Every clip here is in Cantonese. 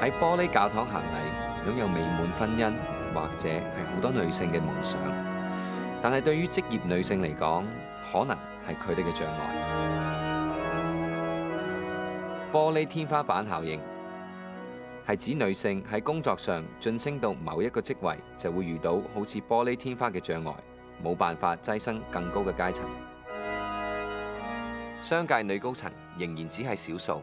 喺玻璃教堂行禮，擁有美滿婚姻或者係好多女性嘅夢想，但係對於職業女性嚟講，可能係佢哋嘅障礙。玻璃天花板效應係指女性喺工作上晉升到某一個職位，就會遇到好似玻璃天花嘅障礙，冇辦法躋身更高嘅階層。商界女高層仍然只係少數。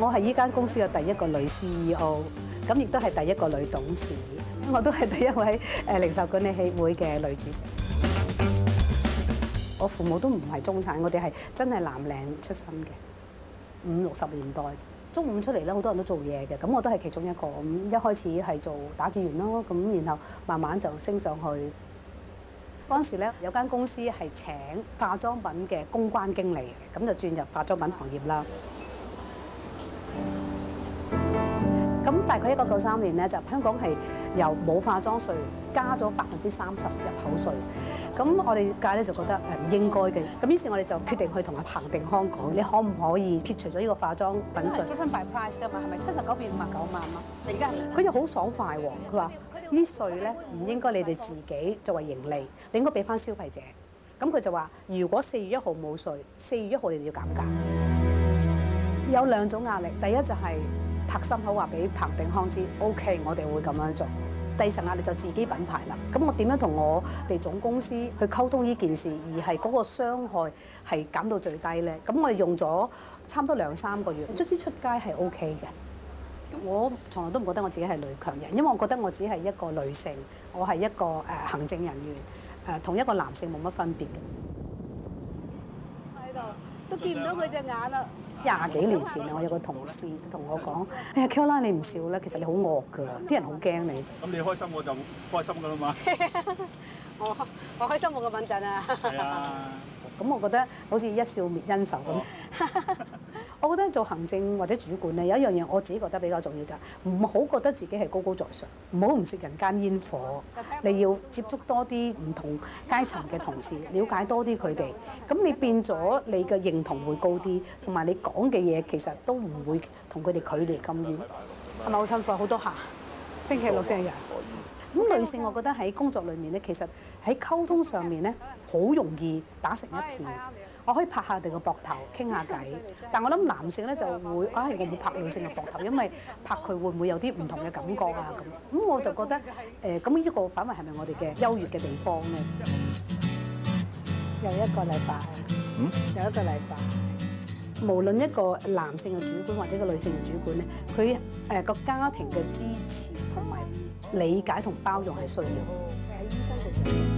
我係依間公司嘅第一個女 CEO，咁亦都係第一個女董事，我都係第一位誒零售管理協會嘅女主席。我父母都唔係中產，我哋係真係藍領出身嘅。五六十年代，中五出嚟咧好多人都做嘢嘅，咁我都係其中一個。咁一開始係做打字員咯，咁然後慢慢就升上去。嗰陣時咧，有間公司係請化妝品嘅公關經理，咁就轉入化妝品行業啦。咁大概一九九三年咧，就香港係由冇化妝稅加咗百分之三十入口稅。咁我哋界咧就覺得誒唔應該嘅。咁於是，我哋就決定去同阿彭定康講：你可唔可以撇除咗呢個化妝品稅？一分 by price 㗎嘛，係咪七十九變五啊九萬啊？而家佢就好爽快喎、哦，佢話。啲稅咧，唔應該你哋自己作為盈利，你應該俾翻消費者。咁佢就話：如果四月一號冇稅，四月一號你哋要減價。 有兩種壓力，第一就係拍心口話俾彭定康知 ，OK，我哋會咁樣做。第二層壓力就自己品牌啦。咁我點樣同我哋總公司去溝通呢件事，而係嗰個傷害係減到最低咧？咁我哋用咗差唔多兩三個月，卒之出街係 O K 嘅。我從來都唔覺得我自己係女強人，因為我覺得我只係一個女性，我係一個誒行政人員，誒、呃、同一個男性冇乜分別嘅。喺度，都見唔到佢隻眼啦。廿幾年前啊，我有個同事就同我講，哎呀，Kira，你唔笑咧，其實你好惡㗎，啲人好驚你。咁你開心我就開心㗎啦嘛。我我開心我個敏陣啊。咁、 嗯、我覺得好似一笑滅恩仇咁。Oh. 我覺得做行政或者主管咧，有一樣嘢，我自己覺得比較重要就係唔好覺得自己係高高在上，唔好唔食人間煙火。你要接觸多啲唔同階層嘅同事，了解多啲佢哋，咁你變咗你嘅認同會高啲，同埋你講嘅嘢其實都唔會同佢哋距離咁遠，係咪好辛苦？好多下，星期六星期日。咁女性，我覺得喺工作裏面咧，其實喺溝通上面咧，好容易打成一片。我可以拍下佢個膊頭傾下偈，但我諗男性咧就會，唉，會唔會拍女性嘅膊頭？因為拍佢會唔會有啲唔同嘅感覺啊？咁咁我就覺得，誒咁呢個反為係咪我哋嘅優越嘅地方咧？又一個禮拜，嗯，又一個禮拜。無論一個男性嘅主管或者個女性嘅主管咧，佢誒個家庭嘅支持同埋理解同包容係需要。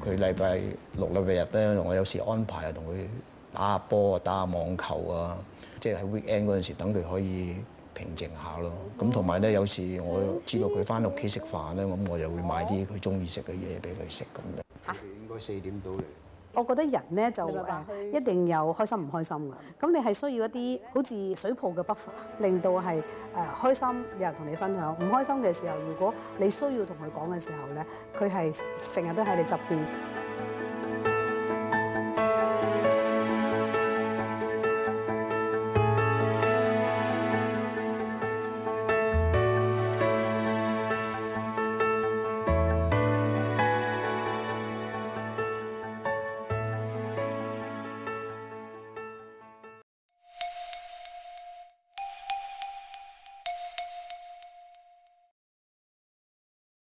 佢禮拜六、禮拜日咧，我有時安排啊，同佢打下波啊，打下網球啊，即係喺 weekend 嗰陣時，等佢可以平靜下咯。咁同埋咧，有時我知道佢翻屋企食飯咧，咁我就會買啲佢中意食嘅嘢俾佢食咁樣。佢，應該四點到嚟。我覺得人咧就誒一定有開心唔開心嘅，咁你係需要一啲好似水泡嘅筆法，令到係誒開心有人同你分享，唔開心嘅時候，如果你需要同佢講嘅時候咧，佢係成日都喺你側邊。